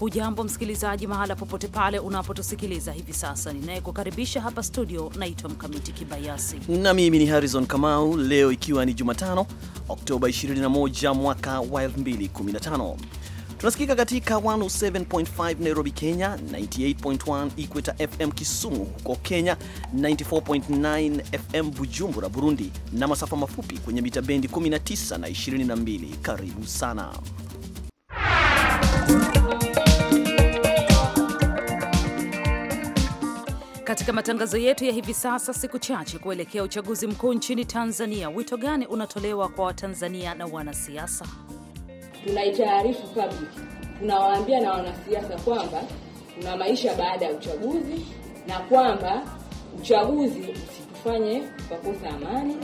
Hujambo msikilizaji, mahala popote pale unapotusikiliza hivi sasa. Ninayekukaribisha hapa studio naitwa Mkamiti Kibayasi na mimi ni Harrison Kamau. Leo ikiwa ni Jumatano, Oktoba 21 mwaka wa 2015 tunasikika katika 107.5 Nairobi, Kenya, 98.1 Equator FM Kisumu huko Kenya, 94.9 FM Bujumbura, Burundi, na masafa mafupi kwenye mita bendi 19 na 22. Karibu sana Katika matangazo yetu ya hivi sasa, siku chache kuelekea uchaguzi mkuu nchini Tanzania, wito gani unatolewa kwa Watanzania na wanasiasa? Tunaitaarifu public, tunawaambia na wanasiasa kwamba tuna maisha baada ya uchaguzi na kwamba uchaguzi usitufanye tukakosa amani.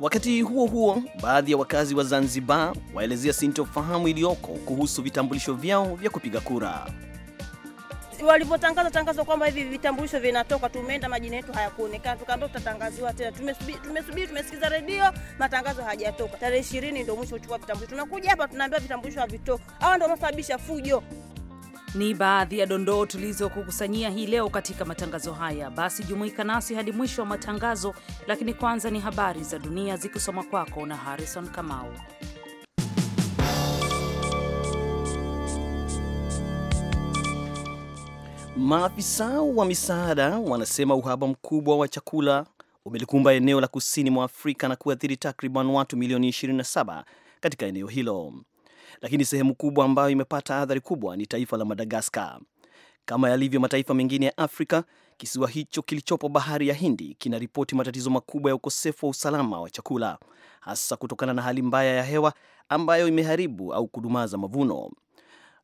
Wakati huo huo, baadhi ya wakazi wa Zanzibar waelezea sintofahamu iliyoko kuhusu vitambulisho vyao vya kupiga kura walivyotangaza tangazo kwamba hivi vitambulisho vinatoka, tumeenda majina yetu hayakuonekana, tukaambia tutatangaziwa tena. Tumesubiri, tumesikiza tumesikiza redio, matangazo hayajatoka. Tarehe ishirini ndio mwisho uchukua vitambulisho, tunakuja hapa tunaambia vitambulisho havitoki. Hawa ndio wanaosababisha fujo. Ni baadhi ya dondoo tulizokukusanyia hii leo katika matangazo haya. Basi jumuika nasi hadi mwisho wa matangazo, lakini kwanza ni habari za dunia zikisoma kwako na Harrison Kamau. Maafisa wa misaada wanasema uhaba mkubwa wa chakula umelikumba eneo la kusini mwa Afrika na kuathiri takriban watu milioni 27 katika eneo hilo, lakini sehemu kubwa ambayo imepata athari kubwa ni taifa la Madagaskar. Kama yalivyo mataifa mengine ya Afrika, kisiwa hicho kilichopo bahari ya Hindi kinaripoti matatizo makubwa ya ukosefu wa usalama wa chakula, hasa kutokana na hali mbaya ya hewa ambayo imeharibu au kudumaza mavuno.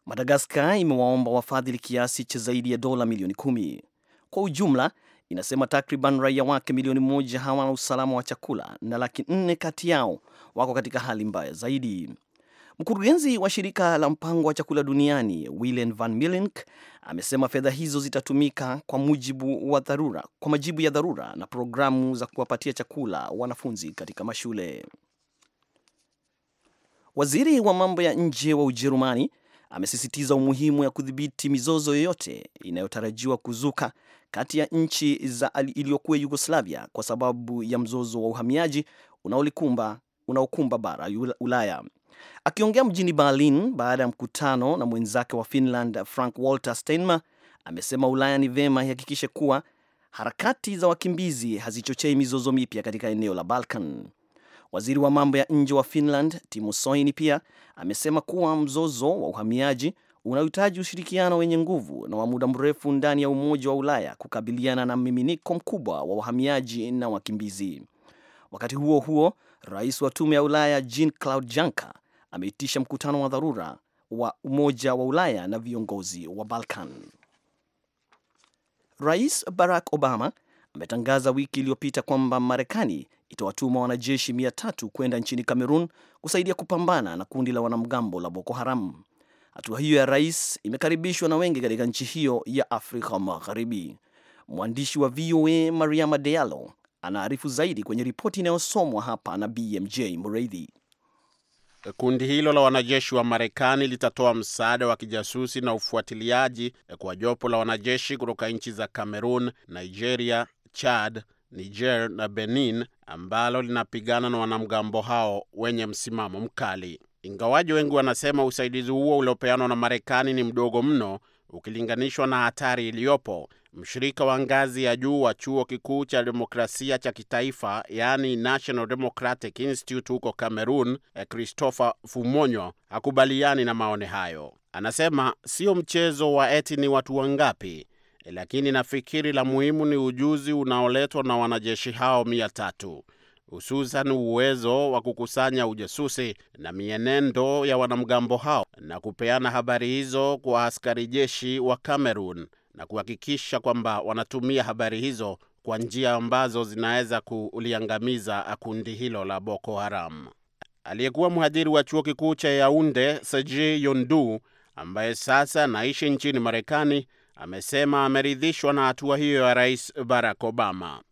Madagaskar imewaomba wafadhili kiasi cha zaidi ya dola milioni kumi. Kwa ujumla inasema takriban raia wake milioni moja hawana usalama wa chakula na laki nne kati yao wako katika hali mbaya zaidi. Mkurugenzi wa shirika la mpango wa chakula duniani Willen van milink amesema fedha hizo zitatumika kwa mujibu wa dharura, kwa majibu ya dharura na programu za kuwapatia chakula wanafunzi katika mashule. Waziri wa mambo ya nje wa Ujerumani amesisitiza umuhimu ya kudhibiti mizozo yoyote inayotarajiwa kuzuka kati ya nchi za iliyokuwa Yugoslavia kwa sababu ya mzozo wa uhamiaji unaolikumba unaokumba bara Ulaya. Akiongea mjini Berlin baada ya mkutano na mwenzake wa Finland Frank Walter Steinmeier, amesema Ulaya ni vema ihakikishe kuwa harakati za wakimbizi hazichochei mizozo mipya katika eneo la Balkan. Waziri wa mambo ya nje wa Finland Timo Soini pia amesema kuwa mzozo wa uhamiaji unahitaji ushirikiano wenye nguvu na wa muda mrefu ndani ya Umoja wa Ulaya kukabiliana na mmiminiko mkubwa wa wahamiaji na wakimbizi. Wakati huo huo, rais wa Tume ya Ulaya Jean Claude Juncker ameitisha mkutano wa dharura wa Umoja wa Ulaya na viongozi wa Balkan. Rais Barack Obama ametangaza wiki iliyopita kwamba Marekani itawatuma wanajeshi mia tatu kwenda nchini Cameroon kusaidia kupambana na kundi la wanamgambo la Boko Haram. Hatua hiyo ya rais imekaribishwa na wengi katika nchi hiyo ya Afrika Magharibi. Mwandishi wa VOA Mariama Diallo anaarifu zaidi kwenye ripoti inayosomwa hapa na BMJ Mureithi. Kundi hilo la wanajeshi wa Marekani litatoa msaada wa kijasusi na ufuatiliaji kwa jopo la wanajeshi kutoka nchi za Cameroon, Nigeria, Chad, Niger na Benin ambalo linapigana na wanamgambo hao wenye msimamo mkali. Ingawaji wengi wanasema usaidizi huo uliopeanwa na Marekani ni mdogo mno ukilinganishwa na hatari iliyopo. Mshirika wa ngazi ya juu wa chuo kikuu cha demokrasia cha kitaifa yaani National Democratic Institute huko Cameroon, Christopher Fumonyo hakubaliani na maone hayo. Anasema sio mchezo wa eti ni watu wangapi, lakini nafikiri la muhimu ni ujuzi unaoletwa na wanajeshi hao mia tatu hususan uwezo wa kukusanya ujasusi na mienendo ya wanamgambo hao na kupeana habari hizo kwa askari jeshi wa Cameroon na kuhakikisha kwamba wanatumia habari hizo kwa njia ambazo zinaweza kuliangamiza kundi hilo la Boko Haram. Aliyekuwa mhadhiri wa chuo kikuu cha Yaunde, sej Yondu, ambaye sasa anaishi nchini Marekani, amesema ameridhishwa na hatua hiyo ya Rais Barack Obama.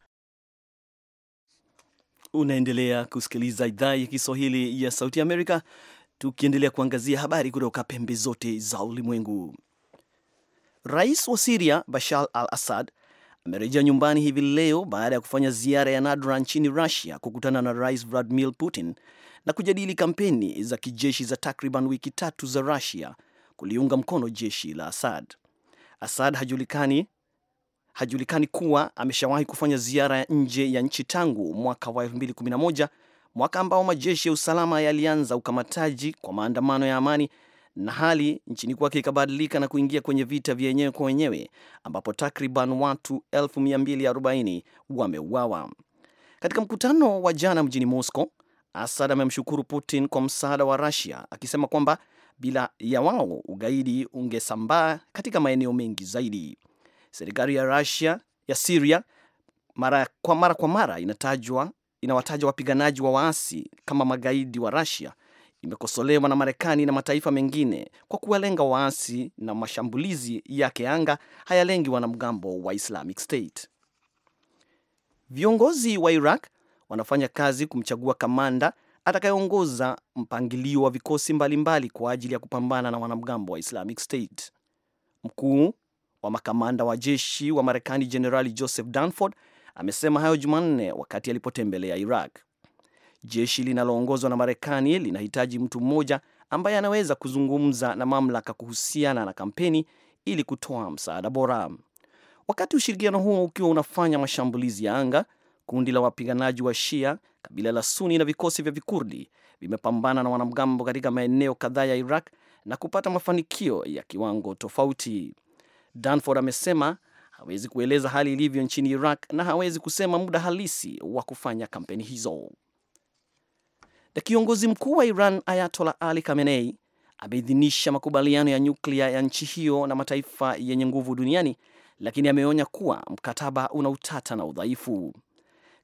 Unaendelea kusikiliza idhaa ya Kiswahili ya Sauti Amerika, tukiendelea kuangazia habari kutoka pembe zote za ulimwengu. Rais wa Siria Bashar al Assad amerejea nyumbani hivi leo baada ya kufanya ziara ya nadra nchini Rusia kukutana na Rais Vladimir Putin na kujadili kampeni za kijeshi za takriban wiki tatu za Rusia kuliunga mkono jeshi la Assad. Assad hajulikani, hajulikani kuwa ameshawahi kufanya ziara ya nje ya nchi tangu mwaka wa 2011, mwaka ambao majeshi ya usalama yalianza ukamataji kwa maandamano ya amani na hali nchini kwake ikabadilika na kuingia kwenye vita vya wenyewe kwa wenyewe ambapo takriban watu 1240 wameuawa. Katika mkutano wa jana mjini Moscow, Assad amemshukuru Putin kwa msaada wa Russia akisema kwamba bila ya wao, ugaidi ungesambaa katika maeneo mengi zaidi. Serikali ya Russia, ya Siria mara kwa mara kwa mara inatajwa inawataja wapiganaji wa waasi kama magaidi wa rasia imekosolewa na Marekani na mataifa mengine kwa kuwalenga waasi na mashambulizi yake anga hayalengi wanamgambo wa Islamic State. Viongozi wa Iraq wanafanya kazi kumchagua kamanda atakayeongoza mpangilio wa vikosi mbalimbali mbali kwa ajili ya kupambana na wanamgambo wa Islamic State. Mkuu wa makamanda wa jeshi wa Marekani Jenerali Joseph Dunford amesema hayo Jumanne wakati alipotembelea Iraq. Jeshi linaloongozwa na Marekani linahitaji mtu mmoja ambaye anaweza kuzungumza na mamlaka kuhusiana na kampeni ili kutoa msaada bora. Wakati ushirikiano huo ukiwa unafanya mashambulizi ya anga, Kundi la wapiganaji wa Shia, kabila la Suni na vikosi vya Vikurdi vimepambana na wanamgambo katika maeneo kadhaa ya Iraq na kupata mafanikio ya kiwango tofauti. Danford amesema hawezi kueleza hali ilivyo nchini Iraq na hawezi kusema muda halisi wa kufanya kampeni hizo. Na kiongozi mkuu wa Iran Ayatola Ali Khamenei ameidhinisha makubaliano ya nyuklia ya nchi hiyo na mataifa yenye nguvu duniani, lakini ameonya kuwa mkataba una utata na udhaifu.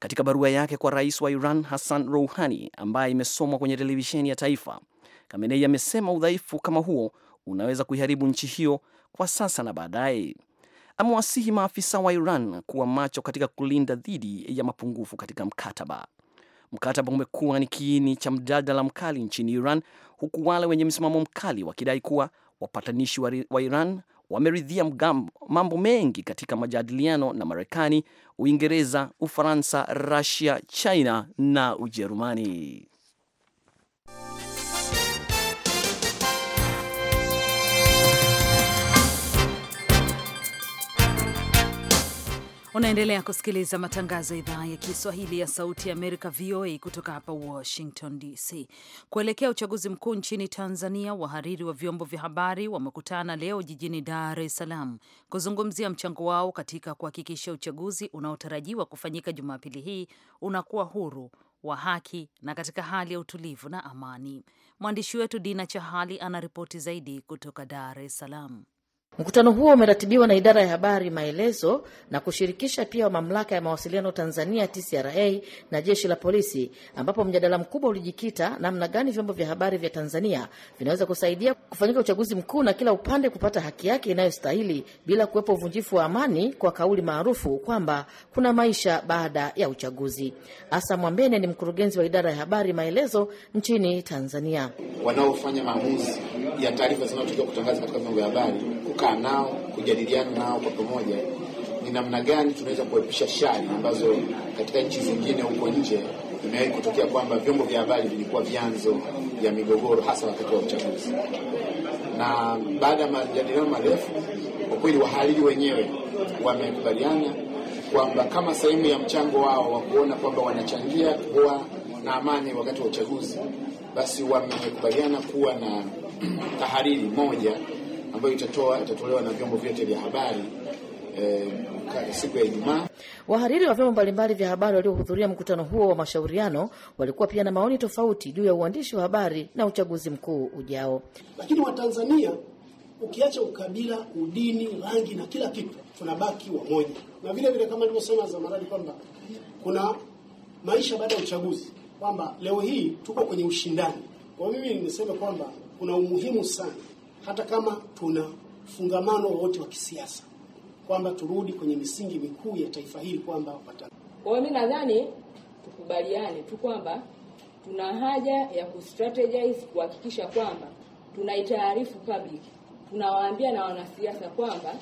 Katika barua yake kwa rais wa Iran Hassan Rouhani ambaye imesomwa kwenye televisheni ya taifa, kamenei amesema udhaifu kama huo unaweza kuiharibu nchi hiyo kwa sasa na baadaye. Amewasihi maafisa wa Iran kuwa macho katika kulinda dhidi ya mapungufu katika mkataba. Mkataba umekuwa ni kiini cha mjadala mkali nchini Iran, huku wale wenye msimamo mkali wakidai kuwa wapatanishi wa Iran wameridhia mambo mengi katika majadiliano na Marekani, Uingereza, Ufaransa, rasia China na Ujerumani. Unaendelea kusikiliza matangazo ya idhaa ya Kiswahili ya Sauti ya Amerika, VOA, kutoka hapa Washington DC. Kuelekea uchaguzi mkuu nchini Tanzania, wahariri wa vyombo vya habari wamekutana leo jijini Dar es Salaam kuzungumzia mchango wao katika kuhakikisha uchaguzi unaotarajiwa kufanyika Jumapili hii unakuwa huru wa haki na katika hali ya utulivu na amani. Mwandishi wetu Dina Chahali anaripoti zaidi kutoka Dar es Salaam. Mkutano huo umeratibiwa na Idara ya Habari Maelezo na kushirikisha pia Mamlaka ya Mawasiliano Tanzania TCRA na Jeshi la Polisi, ambapo mjadala mkubwa ulijikita namna gani vyombo vya habari vya Tanzania vinaweza kusaidia kufanyika uchaguzi mkuu na kila upande kupata haki yake inayostahili bila kuwepo uvunjifu wa amani, kwa kauli maarufu kwamba kuna maisha baada ya uchaguzi. Asa Mwambene ni mkurugenzi wa Idara ya Habari Maelezo nchini Tanzania. wanaofanya maamuzi ya taarifa zinazotakiwa kutangaza katika vyombo vya habari kukaa nao, kujadiliana nao kwa pamoja ni namna gani tunaweza kuepusha shari ambazo katika nchi zingine huko nje imewahi kutokea kwamba vyombo vya habari vilikuwa vyanzo vya migogoro hasa wakati wa uchaguzi. Na baada ya majadiliano marefu, kwa kweli wahariri wenyewe wamekubaliana kwamba kama sehemu ya mchango wao wa kuona kwamba wanachangia kuwa na amani wakati wa uchaguzi, basi wamekubaliana kuwa na tahariri moja ambayo itatoa itatolewa na vyombo vyote vya habari e, siku ya Ijumaa. Wahariri wa vyombo mbalimbali vya habari waliohudhuria mkutano huo wa mashauriano walikuwa pia na maoni tofauti juu ya uandishi wa habari na uchaguzi mkuu ujao. Lakini Watanzania, ukiacha ukabila, udini, rangi na kila kitu, tunabaki wamoja, na vile vile kama nilivyosema Zamaradi kwamba kuna maisha baada ya uchaguzi, kwamba leo hii tuko kwenye ushindani. Kwa mimi niseme kwamba kuna umuhimu sana hata kama tuna fungamano wote wa kisiasa, kwamba turudi kwenye misingi mikuu ya taifa hili kwamba wapatana. Kwa hiyo mi nadhani tukubaliane tu kwamba tuna haja ya kustrategize kuhakikisha kwamba tunaitaarifu public, tunawaambia na wanasiasa kwamba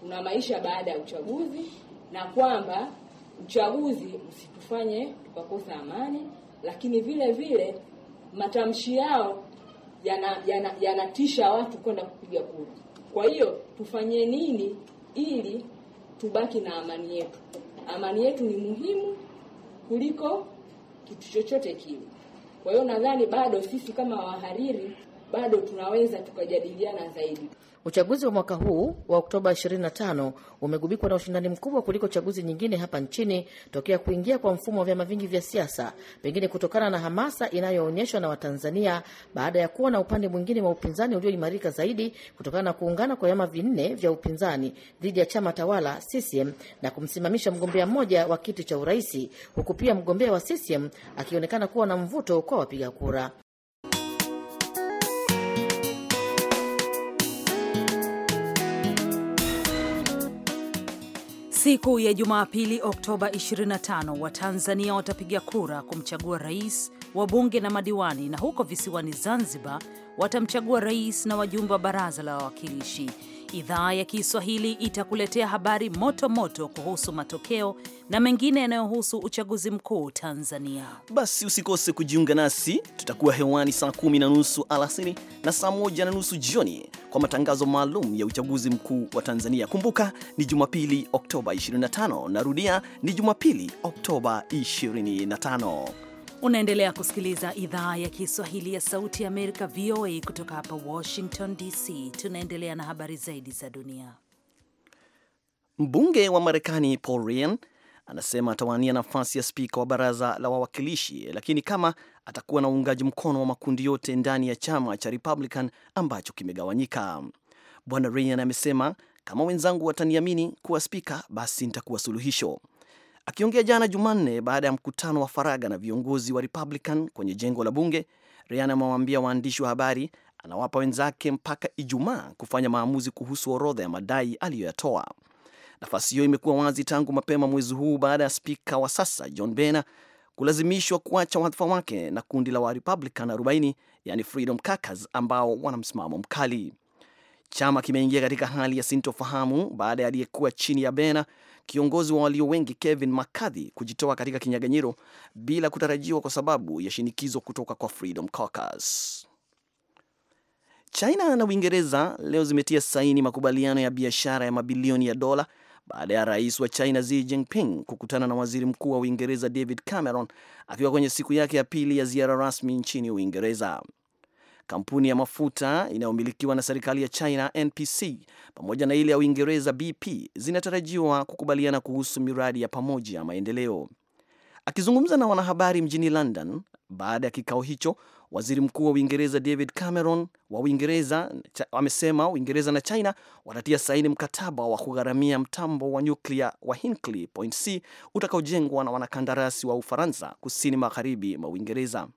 kuna maisha baada ya uchaguzi na kwamba uchaguzi usitufanye tukakosa amani, lakini vile vile matamshi yao yanatisha yana, yana watu kwenda kupiga kura. Kwa hiyo tufanye nini ili tubaki na amani yetu? Amani yetu ni muhimu kuliko kitu chochote kile. Kwa hiyo nadhani bado sisi kama wahariri bado tunaweza tukajadiliana zaidi. Uchaguzi wa mwaka huu wa Oktoba 25 umegubikwa na ushindani mkubwa kuliko chaguzi nyingine hapa nchini tokea kuingia kwa mfumo wa vyama vingi vya siasa, pengine kutokana na hamasa inayoonyeshwa na Watanzania baada ya kuwa na upande mwingine wa upinzani ulioimarika zaidi kutokana na kuungana kwa vyama vinne vya upinzani dhidi ya chama tawala CCM na kumsimamisha mgombea mmoja wa kiti cha uraisi, huku pia mgombea wa CCM akionekana kuwa na mvuto kwa wapiga kura. Siku ya Jumapili, Oktoba 25, Watanzania watapiga kura kumchagua rais, wabunge na madiwani, na huko visiwani Zanzibar watamchagua rais na wajumbe wa baraza la wawakilishi. Idhaa ya Kiswahili itakuletea habari moto moto kuhusu matokeo na mengine yanayohusu uchaguzi mkuu Tanzania. Basi usikose kujiunga nasi, tutakuwa hewani saa kumi na nusu alasiri na saa moja na nusu jioni kwa matangazo maalum ya uchaguzi mkuu wa Tanzania. Kumbuka ni Jumapili Oktoba 25. Narudia, ni Jumapili Oktoba 25. Unaendelea kusikiliza idhaa ya Kiswahili ya Sauti ya Amerika, VOA, kutoka hapa Washington DC. Tunaendelea na habari zaidi za dunia. Mbunge wa Marekani Paul Ryan anasema atawania nafasi ya spika wa baraza la wawakilishi, lakini kama atakuwa na uungaji mkono wa makundi yote ndani ya chama cha Republican ambacho kimegawanyika. Bwana Ryan amesema, kama wenzangu wataniamini kuwa spika, basi nitakuwa suluhisho Akiongea jana Jumanne baada ya mkutano wa faraga na viongozi wa Republican kwenye jengo la bunge, Ryan amewaambia waandishi wa habari anawapa wenzake mpaka Ijumaa kufanya maamuzi kuhusu orodha ya madai aliyoyatoa. Nafasi hiyo imekuwa wazi tangu mapema mwezi huu baada ya spika wa sasa John Boehner kulazimishwa kuacha wadhifa wake na kundi la Republican 40 yani Freedom Caucus ambao wana msimamo mkali. Chama kimeingia katika hali ya sintofahamu baada ya aliyekuwa chini ya bena kiongozi wa walio wengi Kevin McCarthy kujitoa katika kinyaganyiro bila kutarajiwa kwa sababu ya shinikizo kutoka kwa Freedom Caucus. China na Uingereza leo zimetia saini makubaliano ya biashara ya mabilioni ya dola baada ya rais wa China Xi Jinping kukutana na waziri mkuu wa Uingereza David Cameron akiwa kwenye siku yake ya pili ya ziara rasmi nchini Uingereza kampuni ya mafuta inayomilikiwa na serikali ya China NPC pamoja na ile ya Uingereza BP zinatarajiwa kukubaliana kuhusu miradi ya pamoja ya maendeleo. Akizungumza na wanahabari mjini London baada ya kikao hicho, waziri mkuu wa Uingereza David Cameron wa Uingereza amesema Uingereza na China watatia saini mkataba wa kugharamia mtambo wa nyuklia wa Hinkley Point C utakaojengwa na wanakandarasi wa Ufaransa kusini magharibi mwa Uingereza.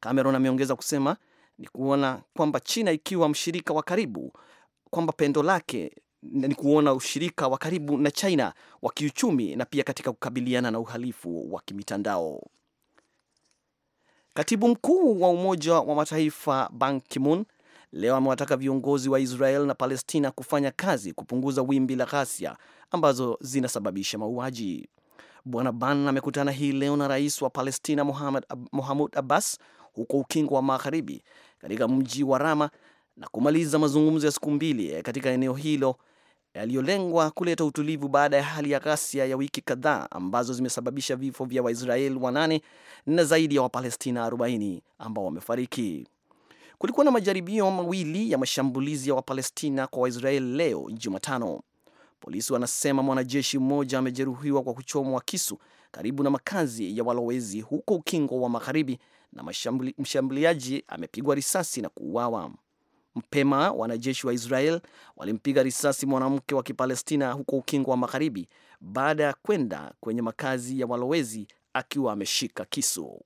Cameron ameongeza kusema ni kuona kwamba China ikiwa mshirika wa karibu, kwamba pendo lake ni kuona ushirika wa karibu na China wa kiuchumi na pia katika kukabiliana na uhalifu wa kimitandao. Katibu mkuu wa Umoja wa Mataifa Ban Ki-moon leo amewataka viongozi wa Israel na Palestina kufanya kazi kupunguza wimbi la ghasia ambazo zinasababisha mauaji. Bwana Ban amekutana hii leo na rais wa Palestina Mohamud Abbas huko ukingo wa magharibi katika mji wa Rama na kumaliza mazungumzo ya siku mbili eh, katika eneo hilo yaliyolengwa kuleta utulivu baada ya hali ya ghasia ya wiki kadhaa ambazo zimesababisha vifo vya Waisraeli wanane na zaidi ya Wapalestina 40 ambao wamefariki. Kulikuwa na majaribio mawili ya mashambulizi ya Wapalestina kwa Waisraeli leo Jumatano. Polisi wanasema mwanajeshi mmoja amejeruhiwa kwa kuchomwa kisu karibu na makazi ya walowezi huko ukingo wa magharibi na mshambuliaji amepigwa risasi na kuuawa. Mpema wanajeshi wa Israel walimpiga risasi mwanamke wa Kipalestina huko Ukingo wa Magharibi baada ya kwenda kwenye makazi ya walowezi akiwa ameshika kisu.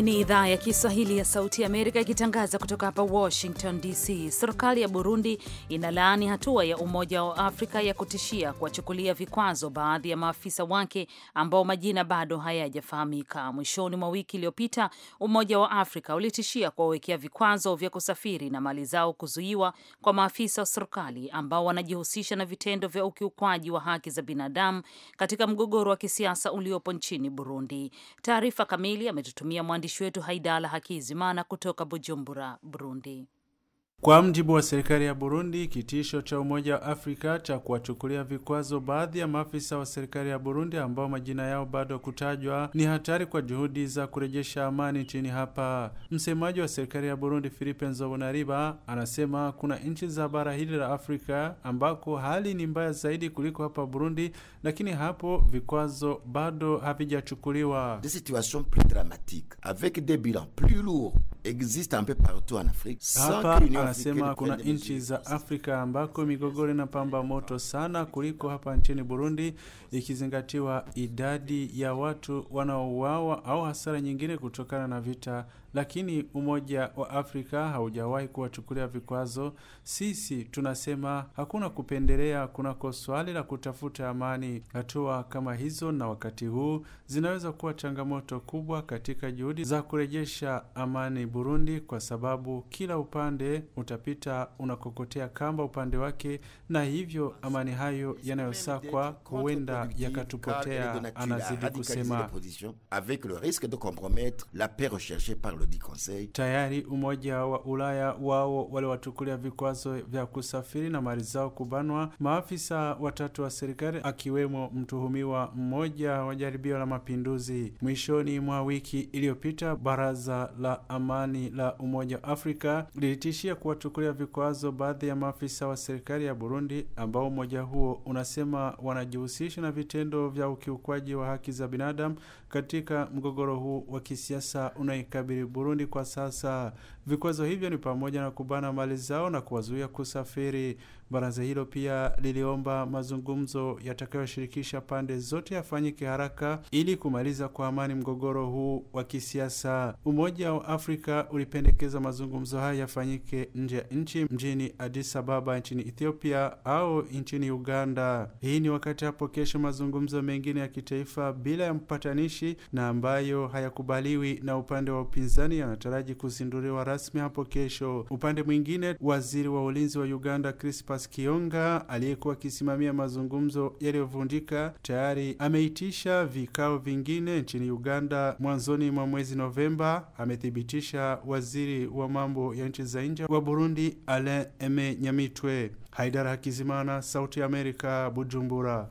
Hii ni idhaa ya Kiswahili ya Sauti ya Amerika ikitangaza kutoka hapa Washington DC. Serikali ya Burundi inalaani hatua ya Umoja wa Afrika ya kutishia kuwachukulia vikwazo baadhi ya maafisa wake ambao majina bado hayajafahamika. Mwishoni mwa wiki iliyopita, Umoja wa Afrika ulitishia kuwawekea vikwazo vya kusafiri na mali zao kuzuiwa kwa maafisa wa serikali ambao wanajihusisha na vitendo vya ukiukwaji wa haki za binadamu katika mgogoro wa kisiasa uliopo nchini Burundi. Taarifa kamili ametutumia mwandishi mwandishi wetu Haidala Hakizimana kutoka Bujumbura, Burundi. Kwa mjibu wa serikali ya Burundi, kitisho cha Umoja wa Afrika cha kuwachukulia vikwazo baadhi ya maafisa wa serikali ya Burundi ambao majina yao bado kutajwa ni hatari kwa juhudi za kurejesha amani nchini hapa. Msemaji wa serikali ya Burundi, Philippe Nzobonariba, anasema kuna nchi za bara hili la Afrika ambako hali ni mbaya zaidi kuliko hapa Burundi, lakini hapo vikwazo bado havijachukuliwa. plus avec des bilans plus lourds existe un peu partout en Afrique. Hapa anasema kuna nchi za Afrika ambako migogoro inapamba moto sana kuliko hapa nchini Burundi, ikizingatiwa idadi ya watu wanaouawa au hasara nyingine kutokana na vita lakini Umoja wa Afrika haujawahi kuwachukulia vikwazo. Sisi tunasema hakuna kupendelea kunako swali la kutafuta amani. Hatua kama hizo na wakati huu zinaweza kuwa changamoto kubwa katika juhudi za kurejesha amani Burundi, kwa sababu kila upande utapita unakokotea kamba upande wake, na hivyo amani hayo yanayosakwa huenda yakatupotea, anazidi kusema avec le risque de compromettre la paix par du Conseil. Tayari Umoja wa Ulaya wao waliwachukulia vikwazo vya kusafiri na mali zao kubanwa maafisa watatu wa serikali akiwemo mtuhumiwa mmoja wa jaribio la mapinduzi. Mwishoni mwa wiki iliyopita, Baraza la Amani la Umoja wa Afrika lilitishia kuwachukulia vikwazo baadhi ya maafisa wa serikali ya Burundi ambao umoja huo unasema wanajihusisha na vitendo vya ukiukwaji wa haki za binadamu katika mgogoro huu wa kisiasa unaikabili Burundi kwa sasa. Vikwazo hivyo ni pamoja na kubana mali zao na kuwazuia kusafiri. Baraza hilo pia liliomba mazungumzo yatakayoshirikisha pande zote yafanyike haraka ili kumaliza kwa amani mgogoro huu wa kisiasa. Umoja wa Afrika ulipendekeza mazungumzo haya yafanyike nje ya nchi, mjini Addis Ababa nchini Ethiopia au nchini Uganda. Hii ni wakati hapo kesho mazungumzo mengine ya kitaifa bila ya mpatanishi na ambayo hayakubaliwi na upande wa upinzani yanataraji kuzinduliwa rasmi hapo kesho. Upande mwingine, waziri wa ulinzi wa Uganda Crispa Thomas Kionga aliyekuwa akisimamia mazungumzo yaliyovunjika tayari ameitisha vikao vingine nchini Uganda mwanzoni mwa mwezi Novemba, amethibitisha waziri wa mambo ya nchi za nje wa Burundi Alain Aime Nyamitwe. Haidara Hakizimana, Sauti ya Amerika, Bujumbura.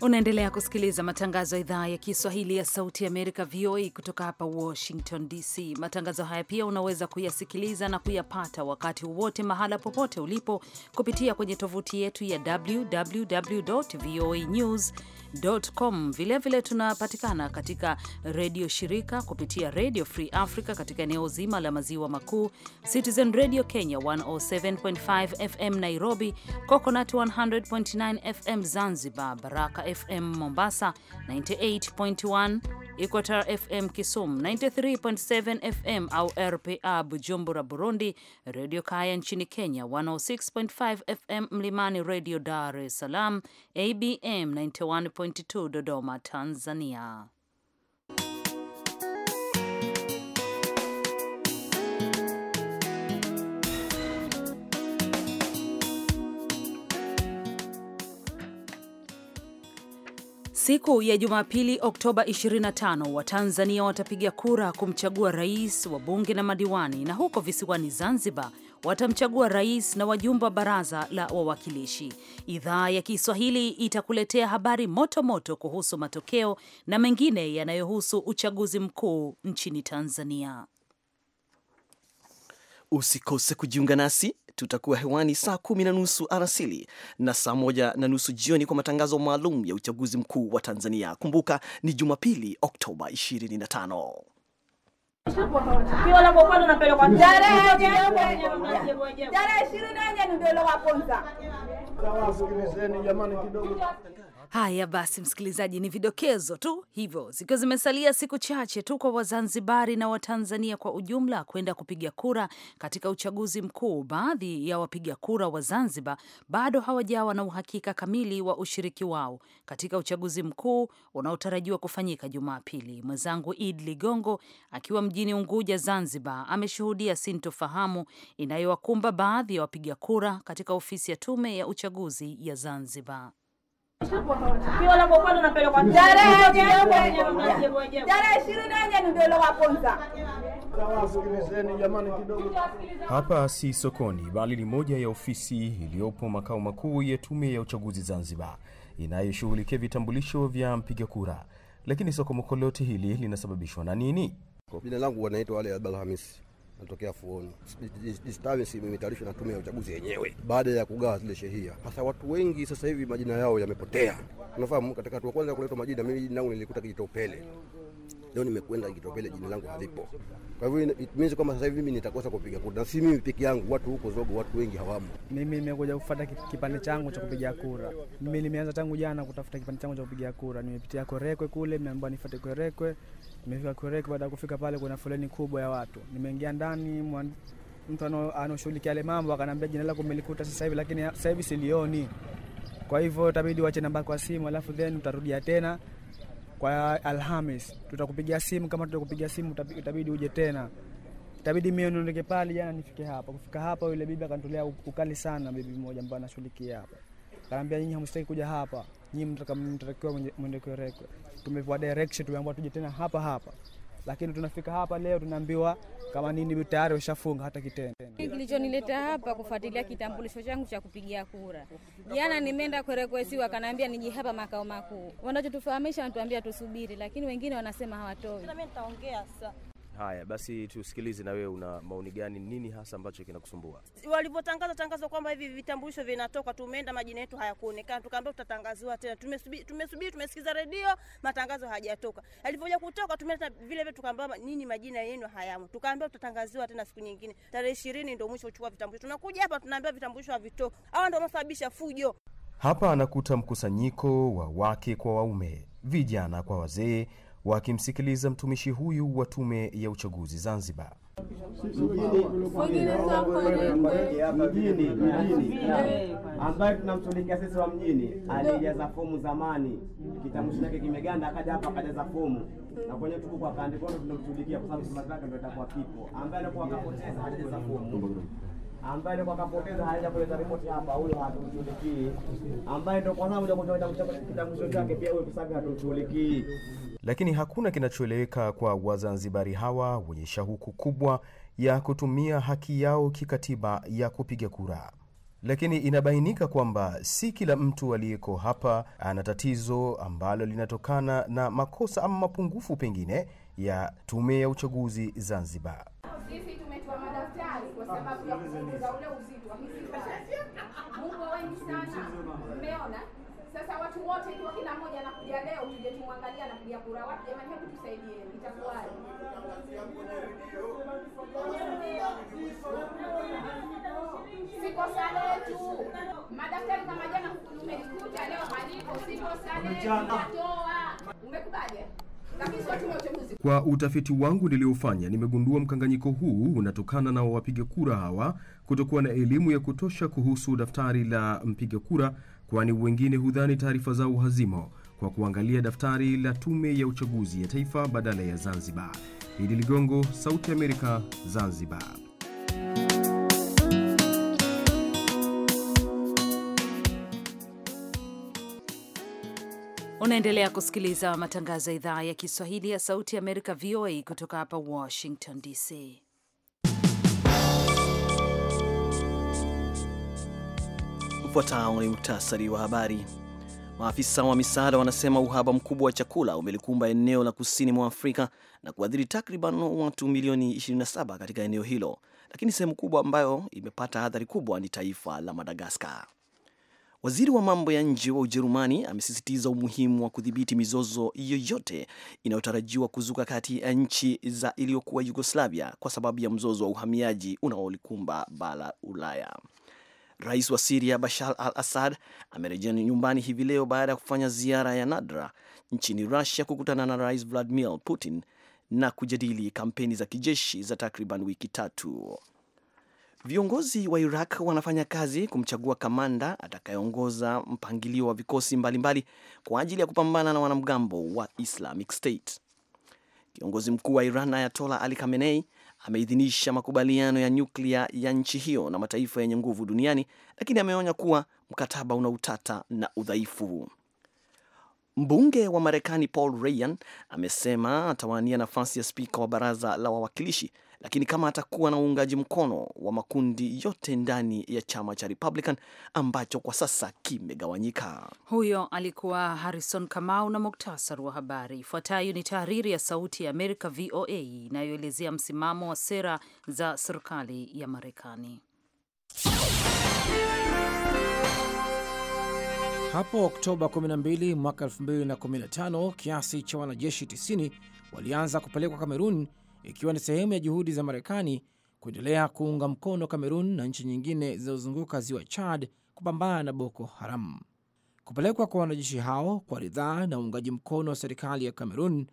Unaendelea kusikiliza matangazo ya idhaa ya Kiswahili ya Sauti ya Amerika, VOA, kutoka hapa Washington DC. Matangazo haya pia unaweza kuyasikiliza na kuyapata wakati wowote, mahala popote ulipo, kupitia kwenye tovuti yetu ya www voa news com. Vilevile tunapatikana katika redio shirika kupitia Radio Free Africa katika eneo zima la maziwa makuu, Citizen Radio Kenya 107.5 FM Nairobi, Coconut 100.9 FM Zanzibar, Baraka FM Mombasa 98.1, Equator FM Kisumu 93.7 FM au RPA Bujumbura Burundi, Radio Kaya nchini Kenya 106.5 FM Mlimani Radio Dar es Salaam, ABM 91 101.2 Dodoma, Tanzania. Siku ya Jumapili, Oktoba 25, Watanzania watapiga kura kumchagua rais, wabunge na madiwani. Na huko visiwani Zanzibar, watamchagua rais na wajumbe wa baraza la wawakilishi. Idhaa ya Kiswahili itakuletea habari moto moto kuhusu matokeo na mengine yanayohusu uchaguzi mkuu nchini Tanzania. Usikose kujiunga nasi, tutakuwa hewani saa kumi na nusu alasiri na saa moja na nusu jioni kwa matangazo maalum ya uchaguzi mkuu wa Tanzania. Kumbuka ni Jumapili, Oktoba 25. Tarehe ishirini na nne ndio leo kwanza. Sikilizeni jamani kidogo. Haya basi, msikilizaji, ni vidokezo tu hivyo, zikiwa zimesalia siku chache tu kwa Wazanzibari na Watanzania kwa ujumla kwenda kupiga kura katika uchaguzi mkuu. Baadhi ya wapiga kura wa Zanzibar bado hawajawa na uhakika kamili wa ushiriki wao katika uchaguzi mkuu unaotarajiwa kufanyika Jumapili. Mwenzangu Id Ligongo akiwa mjini Unguja, Zanzibar, ameshuhudia sintofahamu inayowakumba baadhi ya wapiga kura katika ofisi ya tume ya uchaguzi ya Zanzibar. Hapa si sokoni bali ni moja ya ofisi iliyopo makao makuu ya Tume ya Uchaguzi Zanzibar inayoshughulikia vitambulisho vya mpiga kura. Lakini sokomoko lote hili linasababishwa na nini? Jina langu wanaitwa Ali Abdalhamisi natokea Fuoni. Disturbance imetayarishwa na tume ya uchaguzi yenyewe baada ya kugawa zile shehia. Sasa watu wengi sasa hivi majina yao yamepotea, unafahamu. Katika hatua kwanza ya kuletwa majina, mimi jina langu nilikuta Kijitopele leo nimekwenda Kitopele, jina langu halipo. Kwa hivyo it means kwamba sasa hivi mimi nitakosa kupiga kura, na si mimi peke yangu, watu huko Zogo, watu wengi hawamo. Mimi nimekuja kufuata kipande changu cha kupiga kura. Mimi nimeanza tangu jana kutafuta kipande changu cha kupiga kura. Nimepitia Korekwe kule, nimeambiwa nifuate Korekwe. Nimefika Korekwe, baada ya kufika pale kuna foleni kubwa ya watu. Nimeingia ndani mwan... mtu anaoshughulikia yale mambo akanambia jina lako umelikuta sasa hivi, lakini sasa hivi silioni. Kwa hivyo itabidi wache namba kwa simu, alafu then utarudia tena kwa Alhamis tutakupigia simu, kama tutakupigia simu itabidi uje tena, itabidi mimi niondoke pale. Jana nifike hapa, kufika hapa yule bibi akanitolea ukali sana, bibi mmoja ambaye anashughulikia hapa akaniambia nyinyi hamstaki kuja hapa, nyinyi mtakamtakiwa mwendekerekwe Kwerekwe. Tumepewa direction, tumeambiwa tuje tena hapa hapa lakini tunafika hapa leo tunaambiwa kama nini tayari washafunga hata kitendo. Kilichonileta hapa kufuatilia kitambulisho changu cha kupigia kura, jana nimeenda kwerekwesi, kanaambia niji hapa makao makuu. Wanachotufahamisha wanatuambia tusubiri, lakini wengine wanasema hawatoi. Haya basi, tusikilize na wewe, una maoni gani? Nini hasa ambacho kinakusumbua? Walivyotangaza tangazo kwamba hivi vitambulisho vinatoka, tumeenda majina yetu hayakuonekana, tukaambia tutatangaziwa tena. Tumesubiri, tumesubiri, tumesikiza redio, matangazo hayajatoka. Alivyoja kutoka tumeenda vile vile, tukaambia nini majina yenu hayamo, tukaambia tutatangaziwa tena siku nyingine, tarehe ishirini ndio mwisho uchukua vitambulisho. Tunakuja hapa tunaambia vitambulisho havitoki. Hawa ndio wanaosababisha fujo hapa. Anakuta mkusanyiko wa wake kwa waume, vijana kwa wazee wakimsikiliza mtumishi huyu wa Tume ya Uchaguzi Zanzibar. Mjini mjini ambayo tunamshughulikia sisi wa mjini, alijaza fomu zamani, kitambulisho chake kimeganda, akaja hapa akajaza fomu na kwenye tuku kwa kandi kono tunamshughulikia kwa sababu chama chake ndio itakuwa kipo, ambaye alikuwa akapoteza hajaza fomu ambaye alikuwa akapoteza haja kuleta ripoti hapa, huyo hatumshughulikii. Ambaye ndio kwa sababu kitambulisho chake pia huyo kwa sababu hatumshughulikii lakini hakuna kinachoeleweka kwa Wazanzibari hawa wenye shauku kubwa ya kutumia haki yao kikatiba ya kupiga kura. Lakini inabainika kwamba si kila mtu aliyeko hapa ana tatizo ambalo linatokana na makosa ama mapungufu pengine ya Tume ya Uchaguzi Zanzibar. Sisi madaftari kwa sababu ya kupunguza ule uzito wa hizi Mungu wengi sana, mmeona sasa watu wote Kwa utafiti wangu niliofanya nimegundua mkanganyiko huu unatokana na wapiga kura hawa kutokuwa na elimu ya kutosha kuhusu daftari la mpiga kura, kwani wengine hudhani taarifa zao hazimo kwa kuangalia daftari la Tume ya Uchaguzi ya Taifa badala ya Zanzibar. Idi Ligongo, Sauti Amerika, Zanzibar. Unaendelea kusikiliza matangazo ya idhaa ya Kiswahili ya Sauti ya Amerika, VOA, kutoka hapa Washington DC. Ufuatao ni muktasari wa habari. Maafisa wa misaada wanasema uhaba mkubwa wa chakula umelikumba eneo la kusini mwa Afrika na kuathiri takriban watu milioni 27 katika eneo hilo, lakini sehemu kubwa ambayo imepata athari kubwa ni taifa la Madagaskar. Waziri wa mambo ya nje wa Ujerumani amesisitiza umuhimu wa kudhibiti mizozo yoyote inayotarajiwa kuzuka kati ya nchi za iliyokuwa Yugoslavia kwa sababu ya mzozo wa uhamiaji unaolikumba bara Ulaya. Rais wa Siria Bashar al Assad amerejea nyumbani hivi leo baada ya kufanya ziara ya nadra nchini Rusia kukutana na Rais Vladimir Putin na kujadili kampeni za kijeshi za takriban wiki tatu. Viongozi wa Iraq wanafanya kazi kumchagua kamanda atakayeongoza mpangilio wa vikosi mbalimbali mbali kwa ajili ya kupambana na wanamgambo wa Islamic State. Kiongozi mkuu wa Iran Ayatola Ali Khamenei ameidhinisha makubaliano ya nyuklia ya nchi hiyo na mataifa yenye nguvu duniani, lakini ameonya kuwa mkataba una utata na udhaifu. Mbunge wa Marekani Paul Ryan amesema atawania nafasi ya spika wa baraza la wawakilishi lakini kama atakuwa na uungaji mkono wa makundi yote ndani ya chama cha Republican ambacho kwa sasa kimegawanyika. Huyo alikuwa Harrison Kamau na muktasari wa habari. Ifuatayo ni tahariri ya Sauti ya Amerika, VOA, inayoelezea msimamo wa sera za serikali ya Marekani. Hapo Oktoba 12 mwaka 2015 kiasi cha wanajeshi 90 walianza kupelekwa Kamerun ikiwa ni sehemu ya juhudi za Marekani kuendelea kuunga mkono Kamerun na nchi nyingine zinazozunguka ziwa Chad kupambana na Boko Haram. Kupelekwa kwa wanajeshi hao kwa ridhaa na uungaji mkono wa serikali ya Kamerun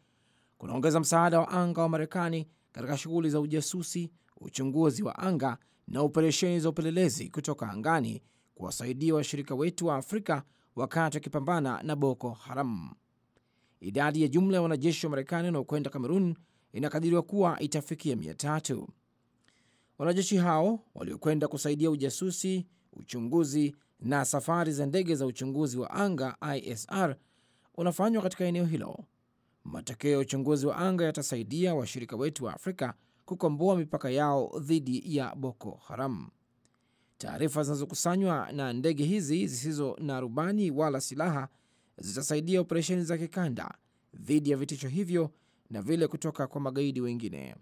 kunaongeza msaada wa anga wa Marekani katika shughuli za ujasusi, uchunguzi wa anga na operesheni za upelelezi kutoka angani kuwasaidia washirika wetu wa Afrika wakati wakipambana na Boko Haram. Idadi ya jumla ya wanajeshi wa Marekani wanaokwenda Kamerun inakadiriwa kuwa itafikia mia tatu. Wanajeshi hao waliokwenda kusaidia ujasusi, uchunguzi na safari za ndege za uchunguzi wa anga ISR unafanywa katika eneo hilo. Matokeo ya uchunguzi wa anga yatasaidia washirika wetu wa Afrika kukomboa mipaka yao dhidi ya Boko Haram. Taarifa zinazokusanywa na ndege hizi zisizo na rubani wala silaha zitasaidia operesheni za kikanda dhidi ya vitisho hivyo na vile kutoka kwa magaidi wengine.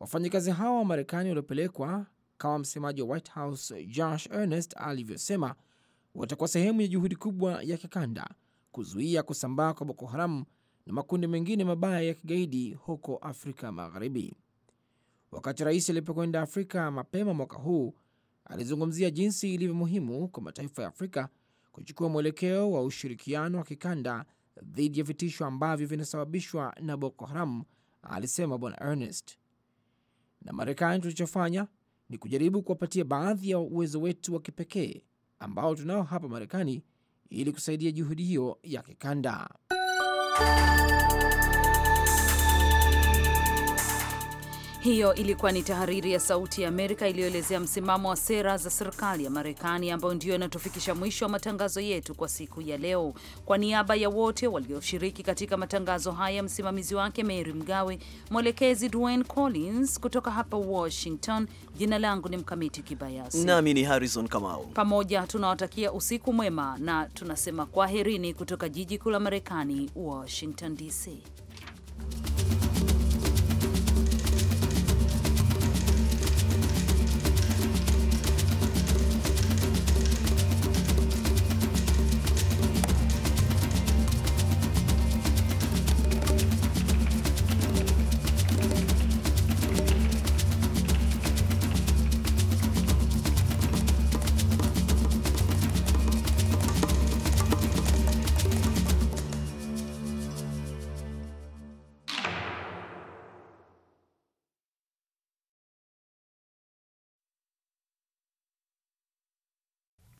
Wafanyakazi hao wa Marekani waliopelekwa, kama msemaji wa White House Josh Earnest alivyosema, watakuwa sehemu ya juhudi kubwa ya kikanda kuzuia kusambaa kwa Boko Haram na makundi mengine mabaya ya kigaidi huko Afrika Magharibi. Wakati rais alipokwenda Afrika mapema mwaka huu, alizungumzia jinsi ilivyo muhimu kwa mataifa ya Afrika kuchukua mwelekeo wa ushirikiano wa kikanda dhidi ya vitisho ambavyo vinasababishwa na Boko Haram, alisema Bwana Ernest. Na Marekani, tulichofanya ni kujaribu kuwapatia baadhi ya uwezo wetu wa kipekee ambao tunao hapa Marekani ili kusaidia juhudi hiyo ya kikanda. Hiyo ilikuwa ni tahariri ya Sauti ya Amerika iliyoelezea msimamo wa sera za serikali ya Marekani, ambayo ndiyo inatufikisha mwisho wa matangazo yetu kwa siku ya leo. Kwa niaba ya wote walioshiriki katika matangazo haya, msimamizi wake Mary Mgawe, mwelekezi Dwayne Collins, kutoka hapa Washington, jina langu ni Mkamiti Kibayasi nami ni Harrison Kamau. Pamoja tunawatakia usiku mwema na tunasema kwaherini kutoka jiji kuu la Marekani, Washington DC.